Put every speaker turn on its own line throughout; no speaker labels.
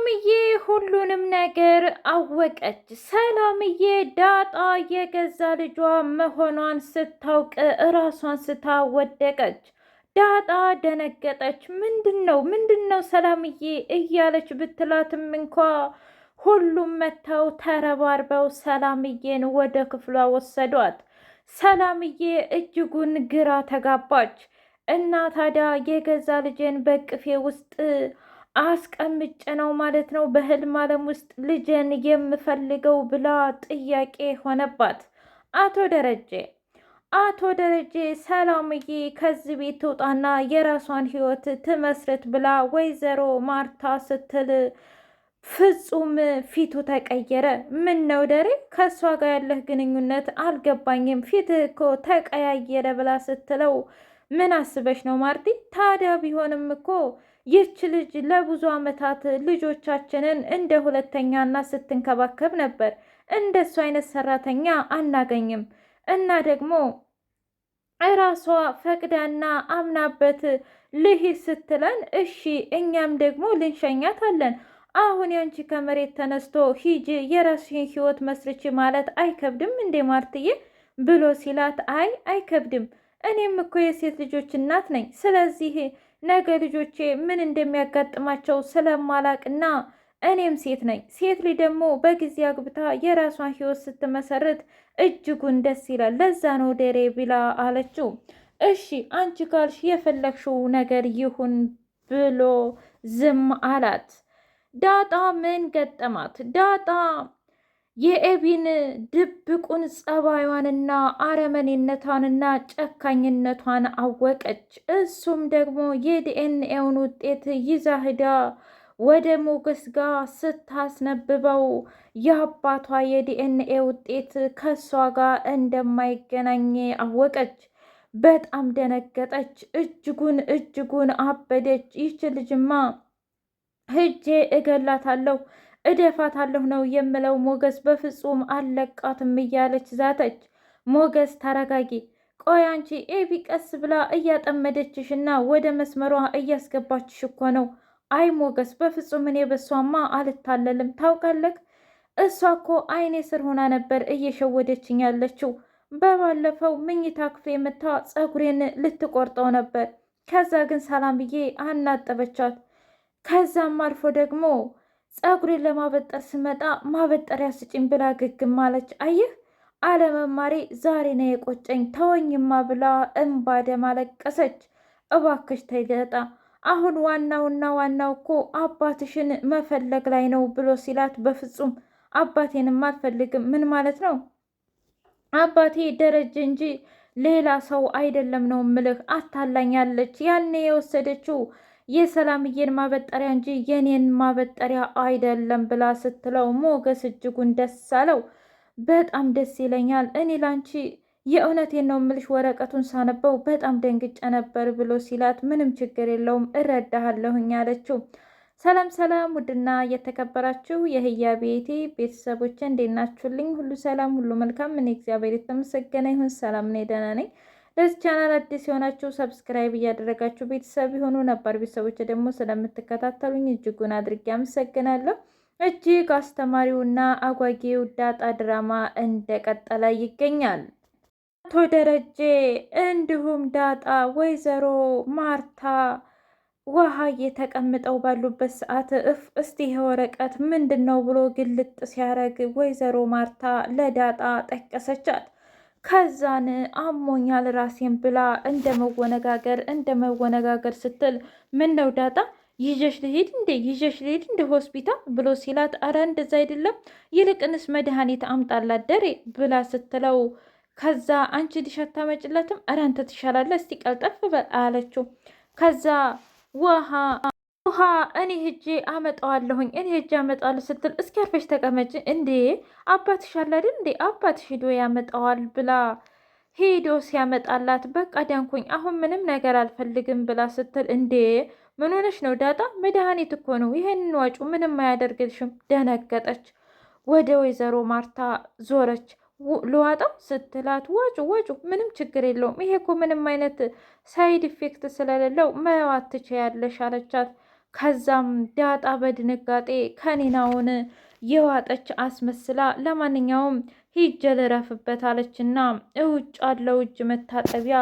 ሰላምዬ ሁሉንም ነገር አወቀች። ሰላምዬ ዳጣ የገዛ ልጇ መሆኗን ስታውቅ እራሷን ስታ ወደቀች። ዳጣ ደነገጠች። ምንድን ነው ምንድን ነው ሰላምዬ እያለች ብትላትም እንኳ ሁሉም መጥተው ተረባርበው ሰላምዬን ወደ ክፍሏ ወሰዷት። ሰላምዬ እጅጉን ግራ ተጋባች እና ታዲያ የገዛ ልጄን በቅፌ ውስጥ አስቀምጬ ነው ማለት ነው በህልም ዓለም ውስጥ ልጄን የምፈልገው ብላ ጥያቄ ሆነባት። አቶ ደረጀ አቶ ደረጀ ሰላምዬ ከዚህ ቤት ትውጣና የራሷን ህይወት ትመስረት ብላ ወይዘሮ ማርታ ስትል ፍጹም ፊቱ ተቀየረ። ምን ነው ደሬ፣ ከእሷ ጋር ያለህ ግንኙነት አልገባኝም፣ ፊትህ እኮ ተቀያየረ ብላ ስትለው ምን አስበሽ ነው ማርቲ? ታዲያ ቢሆንም እኮ ይህች ልጅ ለብዙ ዓመታት ልጆቻችንን እንደ ሁለተኛ እናት ስትንከባከብ ነበር። እንደሱ አይነት ሰራተኛ አናገኝም እና ደግሞ እራሷ ፈቅዳና አምናበት ልሂድ ስትለን እሺ፣ እኛም ደግሞ ልንሸኛት አለን። አሁን ያንቺ ከመሬት ተነስቶ ሂጂ የራስሽን ህይወት መስርች ማለት አይከብድም እንዴ ማርትዬ ብሎ ሲላት፣ አይ አይከብድም፣ እኔም እኮ የሴት ልጆች እናት ነኝ። ስለዚህ ነገ ልጆቼ ምን እንደሚያጋጥማቸው ስለማላቅና እኔም ሴት ነኝ። ሴት ልጅ ደግሞ በጊዜ አግብታ የራሷን ህይወት ስትመሰርት እጅጉን ደስ ይላል። ለዛ ነው ደሬ ቢላ አለችው። እሺ አንቺ ካልሽ የፈለግሽው ነገር ይሁን ብሎ ዝም አላት። ዳጣ ምን ገጠማት? ዳጣ የኤቢን ድብቁን ጸባዩዋንና አረመኔነቷንና ጨካኝነቷን አወቀች። እሱም ደግሞ የዲኤንኤውን ውጤት ይዛ ሂዳ ወደ ሞገስ ጋር ስታስነብበው የአባቷ የዲኤንኤ ውጤት ከእሷ ጋር እንደማይገናኝ አወቀች። በጣም ደነገጠች። እጅጉን እጅጉን አበደች። ይች ልጅማ ሂጄ እገላታለሁ እደፋታለሁ ነው የምለው ሞገስ በፍጹም አለቃትም እያለች ዛተች። ሞገስ ተረጋጊ፣ ቆይ አንቺ ኤቢ ቀስ ብላ እያጠመደችሽ እና ወደ መስመሯ እያስገባችሽ እኮ ነው። አይ ሞገስ በፍጹም እኔ በሷማ አልታለልም። ታውቃለህ እሷ እኮ አይኔ ስር ሆና ነበር እየሸወደችኝ ያለችው። በባለፈው ምኝታ ክፍሌ የምታ ፀጉሬን ልትቆርጠው ነበር። ከዛ ግን ሰላምዬ አናጠበቻት። ከዛም አልፎ ደግሞ ፀጉሬን ለማበጠር ስመጣ ማበጠሪያ ስጭኝ ብላ ግግም አለች። አየህ አለመማሬ ዛሬ ነው የቆጨኝ፣ ተወኝማ ብላ እምባደ ማለቀሰች እባክሽ ተይለጣ አሁን ዋናውና ዋናው እኮ አባትሽን መፈለግ ላይ ነው ብሎ ሲላት፣ በፍጹም አባቴንም አልፈልግም። ምን ማለት ነው? አባቴ ደረጀ እንጂ ሌላ ሰው አይደለም ነው ምልህ። አታላኛለች። ያኔ የወሰደችው የሰላምዬን ማበጠሪያ እንጂ የኔን ማበጠሪያ አይደለም ብላ ስትለው ሞገስ እጅጉን ደስ አለው። በጣም ደስ ይለኛል። እኔ ላንቺ የእውነቴን ነው ምልሽ፣ ወረቀቱን ሳነበው በጣም ደንግጨ ነበር ብሎ ሲላት፣ ምንም ችግር የለውም እረዳሃለሁኝ አለችው። ሰላም ሰላም! ውድና እየተከበራችሁ የህያ ቤቴ ቤተሰቦች እንዴት ናችሁልኝ? ሁሉ ሰላም፣ ሁሉ መልካም። እኔ እግዚአብሔር የተመሰገነ ይሁን ሰላም ነኝ፣ ደህና ነኝ። ለዚህ ቻናል አዲስ የሆናችሁ ሰብስክራይብ እያደረጋችሁ ቤተሰብ የሆኑ ነባር ቤተሰቦች ደግሞ ስለምትከታተሉኝ እጅጉን አድርጌ አመሰግናለሁ። እጅግ አስተማሪውና አጓጊው ዳጣ ድራማ እንደቀጠለ ይገኛል። አቶ ደረጀ እንዲሁም ዳጣ ወይዘሮ ማርታ ውሃ እየተቀምጠው ባሉበት ሰዓት እፍ እስቲ ይሄ ወረቀት ምንድን ነው ብሎ ግልጥ ሲያደርግ ወይዘሮ ማርታ ለዳጣ ጠቀሰቻት። ከዛን አሞኛል ራሴን ብላ እንደ መወነጋገር እንደ መወነጋገር ስትል ምን ነው ዳጣ ይዤሽ ልሄድ እንዴ ይዤሽ ልሄድ እንደ ሆስፒታል ብሎ ሲላት፣ አረ እንደዛ አይደለም ይልቅንስ መድኃኒት አምጣላት ደሬ ብላ ስትለው፣ ከዛ አንቺ ልሽ አታመጭለትም? አረ አንተ ትሻላለህ፣ እስቲ ቀልጠፍ በል አለችው። ከዛ ውሃ ውሃ እኔ ሂጄ አመጣዋለሁኝ እኔ ሂጄ አመጣዋለሁ ስትል እስኪ አርፈሽ ተቀመጭ እንዴ አባትሽ አለ አይደል እንዴ አባትሽ ሂዶ ያመጣዋል ብላ ሄዶ ሲያመጣላት በቃ ዳንኩኝ አሁን ምንም ነገር አልፈልግም ብላ ስትል እንዴ ምን ሆነሽ ነው ዳጣ መድኃኒት እኮ ነው ይሄንን ዋጩ ምንም አያደርግልሽም ደነገጠች ወደ ወይዘሮ ማርታ ዞረች ልዋጣው ስትላት ዋጩ ዋጩ ምንም ችግር የለውም ይሄ እኮ ምንም አይነት ሳይድ ኢፌክት ስለሌለው መዋት ትችያለሽ አለቻት ከዛም ዳጣ በድንጋጤ ከኒናውን የዋጠች አስመስላ ለማንኛውም ሂጄ ልረፍበት አለችና እውጭ አለው እጅ መታጠቢያ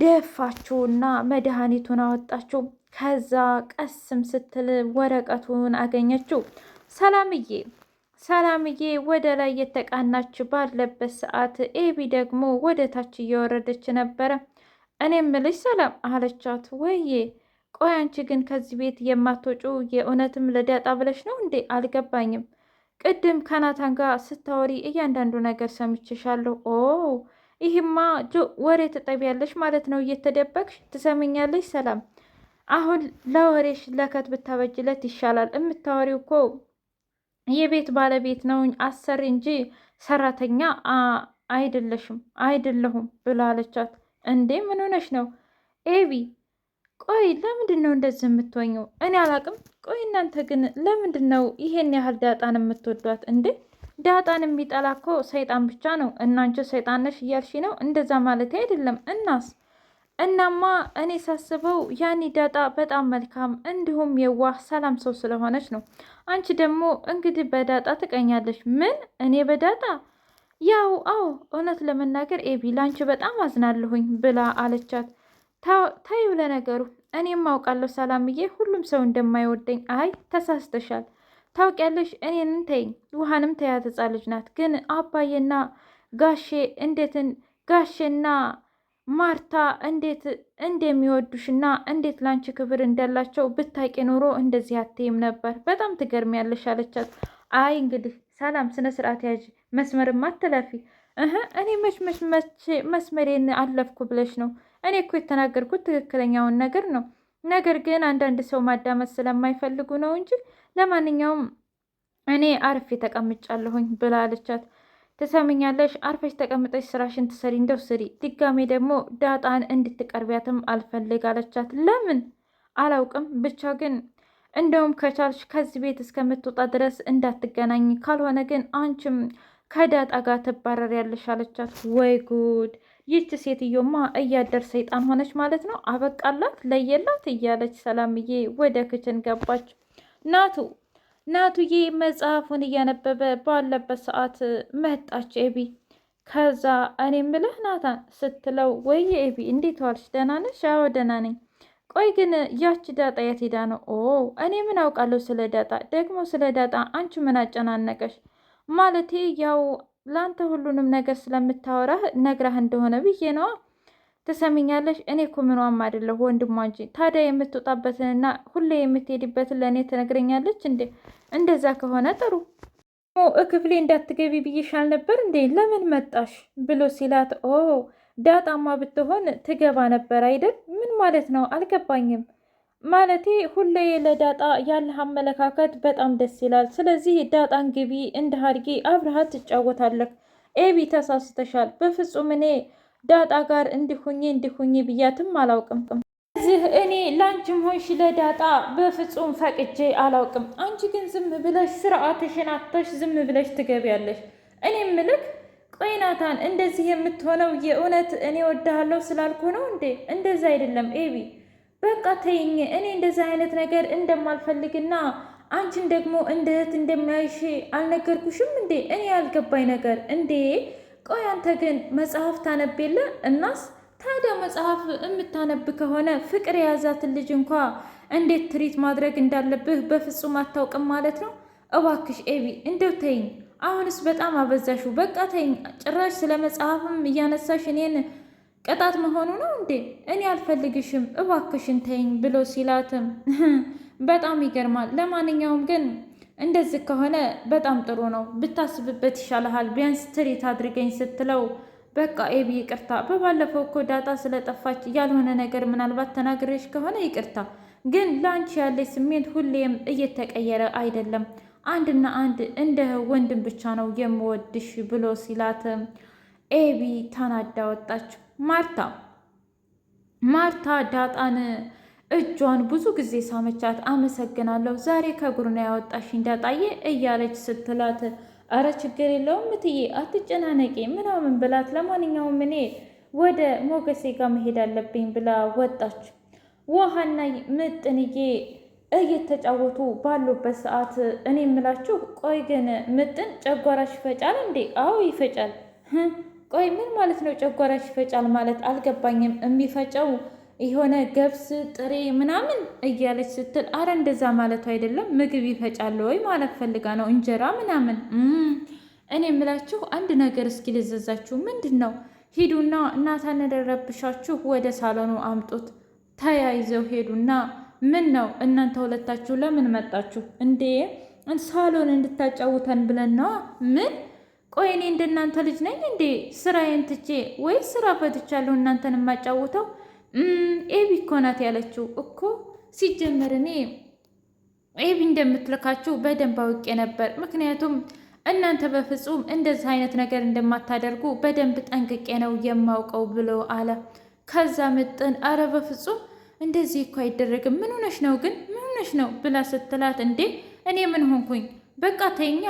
ደፋችውና መድኃኒቱን አወጣችው። ከዛ ቀስም ስትል ወረቀቱን አገኘችው። ሰላምዬ ሰላምዬ ወደ ላይ የተቃናች ባለበት ሰዓት ኤቢ ደግሞ ወደ ታች እየወረደች ነበረ። እኔም ልጅ ሰላም አለቻት። ወይዬ ቆይ አንቺ ግን ከዚህ ቤት የማትወጩ የእውነትም ለዳጣ ብለሽ ነው እንዴ? አልገባኝም። ቅድም ከናታን ጋር ስታወሪ እያንዳንዱ ነገር ሰምቼሻለሁ። ኦ ይህማ ወሬ ትጠቢያለሽ ማለት ነው፣ እየተደበቅሽ ትሰምኛለሽ። ሰላም አሁን ለወሬሽ ለከት ብታበጅለት ይሻላል። የምታወሪው እኮ የቤት ባለቤት ነው አሰሪ እንጂ ሰራተኛ አይደለሽም አይደለሁም ብላለቻት። እንዴ ምን ሆነሽ ነው ኤቢ ቆይ ለምንድን ነው እንደዚህ የምትወኘው? እኔ አላቅም። ቆይ እናንተ ግን ለምንድን ነው ይሄን ያህል ዳጣን የምትወዷት እንዴ? ዳጣን የሚጠላ እኮ ሰይጣን ብቻ ነው። እናንቺ ሰይጣን ነሽ እያልሽ ነው? እንደዛ ማለት አይደለም። እናስ እናማ እኔ ሳስበው ያኔ ዳጣ በጣም መልካም እንዲሁም የዋህ ሰላም ሰው ስለሆነች ነው። አንቺ ደግሞ እንግዲህ በዳጣ ትቀኛለሽ። ምን እኔ በዳጣ ያው አዎ፣ እውነት ለመናገር ኤቢ ላንቺ በጣም አዝናለሁኝ ብላ አለቻት። ታዩ ለነገሩ እኔም አውቃለሁ ሰላምዬ፣ ሁሉም ሰው እንደማይወደኝ። አይ ተሳስተሻል። ታውቂያለሽ፣ እኔን ተይኝ፣ ውሃንም ተያት። ልጅ ናት። ግን አባዬና ጋሼ እንዴትን ጋሼና ማርታ እንዴት እንደሚወዱሽና እንዴት ላንቺ ክብር እንዳላቸው ብታቂ ኖሮ እንደዚህ አትይም ነበር። በጣም ትገርሚያለሽ አለቻት። አይ እንግዲህ ሰላም፣ ስነ ስርዓት ያዥ፣ መስመርም አትለፊ። እኔ መች መች መስመሬን አለፍኩ ብለሽ ነው እኔ እኮ የተናገርኩት ትክክለኛውን ነገር ነው። ነገር ግን አንዳንድ ሰው ማዳመጥ ስለማይፈልጉ ነው እንጂ ለማንኛውም እኔ አርፌ ተቀምጫለሁኝ ብላለቻት አለቻት። ትሰምኛለሽ፣ አርፈሽ ተቀምጠሽ ስራሽን ትሰሪ እንደው ስሪ። ድጋሜ ደግሞ ዳጣን እንድትቀርቢያትም አልፈልግ አለቻት። ለምን አላውቅም፣ ብቻ ግን እንደውም ከቻልሽ ከዚህ ቤት እስከምትወጣ ድረስ እንዳትገናኝ፣ ካልሆነ ግን አንቺም ከዳጣ ጋር ትባረር ያለሽ አለቻት። ወይ ጉድ! ይህች ሴትዮማ እያደር ሰይጣን ሆነች ማለት ነው። አበቃላት፣ ለየላት እያለች ሰላምዬ ወደ ክችን ገባች። ናቱ ናቱዬ መጽሐፉን እያነበበ ባለበት ሰዓት መጣች ኤቢ። ከዛ እኔ ምልህ ናታን ስትለው ወይ ኤቢ እንዴት ዋልሽ? ደህና ነሽ? አዎ ደህና ነኝ። ቆይ ግን ያች ዳጣ የት ሄዳ ነው? ኦ እኔ ምን አውቃለሁ ስለ ዳጣ። ደግሞ ስለ ዳጣ አንቺ ምን አጨናነቀሽ? ማለቴ ያው ለአንተ ሁሉንም ነገር ስለምታወራህ ነግራህ እንደሆነ ብዬ ነዋ። ትሰሚኛለሽ? እኔ እኮ ምኗም አይደለሁ ወንድሟ እንጂ። ታዲያ የምትወጣበትንና ሁሌ የምትሄድበትን ለእኔ ትነግረኛለች እንዴ? እንደዛ ከሆነ ጥሩ። እክፍሌ እንዳትገቢ ብዬሻል ነበር እንዴ? ለምን መጣሽ ብሎ ሲላት፣ ኦ ዳጣማ ብትሆን ትገባ ነበር አይደል? ምን ማለት ነው? አልገባኝም ማለቴ ሁሌ ለዳጣ ያለህ አመለካከት በጣም ደስ ይላል። ስለዚህ ዳጣን ግቢ እንደ ሀርጌ አብረሃት ትጫወታለህ። ኤቢ ተሳስተሻል። በፍጹም እኔ ዳጣ ጋር እንዲሁኝ እንዲሁኝ ብያትም አላውቅም። እዚህ እኔ ላንቺም ሆንሽ ለዳጣ በፍጹም ፈቅጄ አላውቅም። አንቺ ግን ዝም ብለሽ ስርዓትሽን ዝም ብለሽ ትገቢያለሽ። እኔ ምልክ ቆይናታን እንደዚህ የምትሆነው የእውነት እኔ ወድሃለሁ ስላልኩ ነው እንዴ? እንደዚ አይደለም ኤቢ በቃ ተይኝ። እኔ እንደዛ አይነት ነገር እንደማልፈልግና አንቺን ደግሞ እንደ እህት እንደሚያይሽ አልነገርኩሽም እንዴ? እኔ ያልገባኝ ነገር እንዴ። ቆይ አንተ ግን መጽሐፍ ታነብ የለ? እናስ ታዲያ መጽሐፍ የምታነብ ከሆነ ፍቅር የያዛትን ልጅ እንኳ እንዴት ትሪት ማድረግ እንዳለብህ በፍጹም አታውቅም ማለት ነው። እባክሽ ኤቢ እንደው ተይኝ። አሁንስ በጣም አበዛሹ። በቃ ተይኝ። ጭራሽ ስለ መጽሐፍም እያነሳሽ እኔን ቅጣት መሆኑ ነው እንዴ? እኔ አልፈልግሽም እባክሽን ተይኝ ብሎ ሲላትም በጣም ይገርማል። ለማንኛውም ግን እንደዚህ ከሆነ በጣም ጥሩ ነው፣ ብታስብበት ይሻልሃል፣ ቢያንስ ትሪት አድርገኝ ስትለው በቃ ኤቢ ይቅርታ፣ በባለፈው እኮ ዳጣ ስለጠፋች ያልሆነ ነገር ምናልባት ተናግሬሽ ከሆነ ይቅርታ። ግን ለአንቺ ያለች ስሜት ሁሌም እየተቀየረ አይደለም፣ አንድና አንድ እንደ ወንድም ብቻ ነው የምወድሽ ብሎ ሲላትም ኤቢ ተናዳ ወጣች። ማርታ ማርታ ዳጣን እጇን ብዙ ጊዜ ሳመቻት። አመሰግናለሁ ዛሬ ከጉርና ያወጣሽ እንዳጣየ እያለች ስትላት፣ አረ ችግር የለውም ምትዬ አትጨናነቂ ምናምን ብላት፣ ለማንኛውም እኔ ወደ ሞገሴ ጋር መሄድ አለብኝ ብላ ወጣች። ውሃና ምጥንዬ እየተጫወቱ ባሉበት ሰዓት እኔ የምላችሁ ቆይ ግን ምጥን ጨጓራሽ ይፈጫል እንዴ? አዎ ይፈጫል። ቆይ ምን ማለት ነው? ጨጓራሽ ይፈጫል ማለት አልገባኝም። የሚፈጨው የሆነ ገብስ ጥሬ ምናምን እያለች ስትል፣ አረ እንደዛ ማለቱ አይደለም። ምግብ ይፈጫል ወይ ማለት ፈልጋ ነው። እንጀራ ምናምን። እኔ የምላችሁ አንድ ነገር እስኪ ልዘዛችሁ። ምንድን ነው? ሂዱና እናታን ወደ ሳሎኑ አምጡት። ተያይዘው ሄዱና ምን ነው እናንተ ሁለታችሁ ለምን መጣችሁ እንዴ? ሳሎን እንድታጫውተን ብለን ነዋ። ምን ቆይ እኔ እንደ ልጅ ነኝ እንዴ? ስራዬን ትቼ ወይ ስራ ፈትቻለሁ እናንተን የማጫውተው? ኤቢ እኮ ናት ያለችው እኮ። ሲጀመር እኔ ኤቢ እንደምትልካችሁ በደንብ አውቄ ነበር። ምክንያቱም እናንተ በፍጹም እንደዚህ አይነት ነገር እንደማታደርጉ በደንብ ጠንቅቄ ነው የማውቀው ብሎ አለ። ከዛ ምጥን አረ በፍጹም እንደዚህ እኮ አይደረግም። ምን ሆነሽ ነው ግን ምን ሆነሽ ነው ብላ ስትላት፣ እንዴ እኔ ምን ሆንኩኝ? በቃ ተኛ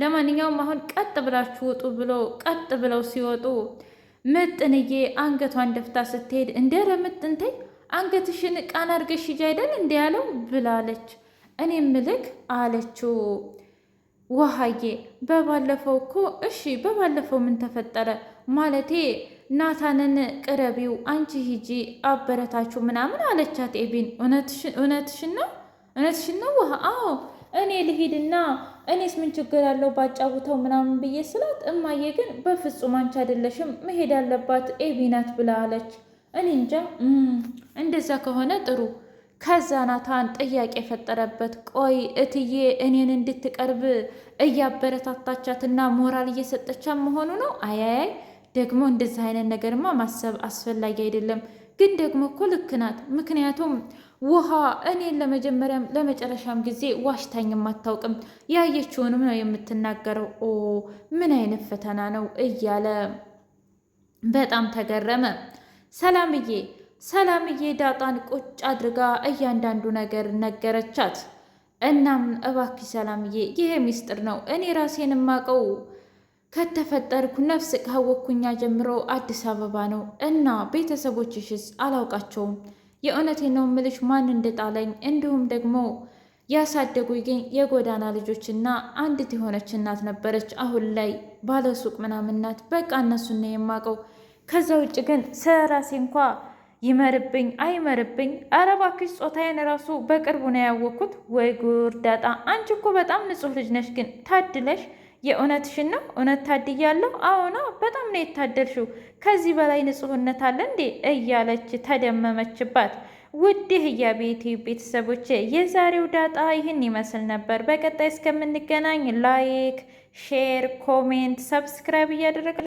ለማንኛውም አሁን ቀጥ ብላችሁ ውጡ ብለው ቀጥ ብለው ሲወጡ ምጥንዬ አንገቷን ደፍታ ስትሄድ እንደ ረምጥን አንገትሽን ቃን አድርገሽ ሂጂ አይደል ያለው ብላለች። እኔም ምልክ አለችው ውሃዬ በባለፈው እኮ እሺ፣ በባለፈው ምን ተፈጠረ? ማለቴ ናታንን ቅረቢው አንቺ ሂጂ አበረታችሁ ምናምን አለቻት። ኤቢን እውነትሽን ነው እውነትሽን ነው ውሃ አዎ እኔ ልሂድና እኔስ ምን ችግር አለው ባጫውተው ምናምን ብዬ ስላት፣ እማዬ ግን በፍጹም አንቺ አይደለሽም መሄድ ያለባት ኤቢ ናት ብላ አለች። እኔ እንጃ። እንደዛ ከሆነ ጥሩ። ከዛ ናታን ጥያቄ የፈጠረበት ቆይ እትዬ እኔን እንድትቀርብ እያበረታታቻትና ሞራል እየሰጠቻት መሆኑ ነው? አያያይ ደግሞ እንደዚህ አይነት ነገርማ ማሰብ አስፈላጊ አይደለም። ግን ደግሞ እኮ ልክ ናት ምክንያቱም ውሃ እኔን ለመጀመሪያም ለመጨረሻም ጊዜ ዋሽታኝም አታውቅም። ያየችውንም ነው የምትናገረው። ኦ ምን አይነት ፈተና ነው እያለ በጣም ተገረመ። ሰላምዬ ሰላምዬ ዳጣን ቁጭ አድርጋ እያንዳንዱ ነገር ነገረቻት። እናም እባኪ ሰላምዬ ይሄ ሚስጥር ነው እኔ ራሴን የማውቀው ከተፈጠርኩ ነፍስ ካወቅኩኛ ጀምሮ አዲስ አበባ ነው እና ቤተሰቦችሽስ አላውቃቸውም የእውነቴ ነው ምልሽ ማን እንደጣለኝ እንዲሁም ደግሞ ያሳደጉ ግን የጎዳና ልጆችና አንዲት የሆነች እናት ነበረች። አሁን ላይ ባለሱቅ ምናምን ናት። በቃ እነሱን ነው የማውቀው። ከዛ ውጭ ግን ስራሴ እንኳ ይመርብኝ አይመርብኝ፣ ኧረ እባክሽ ጾታዬን ራሱ በቅርቡ ነው ያወቅኩት። ወይ ጉርዳጣ! አንቺ እኮ በጣም ንጹሕ ልጅ ነሽ፣ ግን ታድለሽ የእውነትሽን ነው? እውነት ታድያለሁ? አዎና፣ በጣም ነው የታደልሽው። ከዚህ በላይ ንጹህነት አለ እንዴ? እያለች ተደመመችባት። ውድ ህያ ቤት ቤተሰቦቼ፣ የዛሬው ዳጣ ይህን ይመስል ነበር። በቀጣይ እስከምንገናኝ ላይክ፣ ሼር፣ ኮሜንት፣ ሰብስክራይብ እያደረግ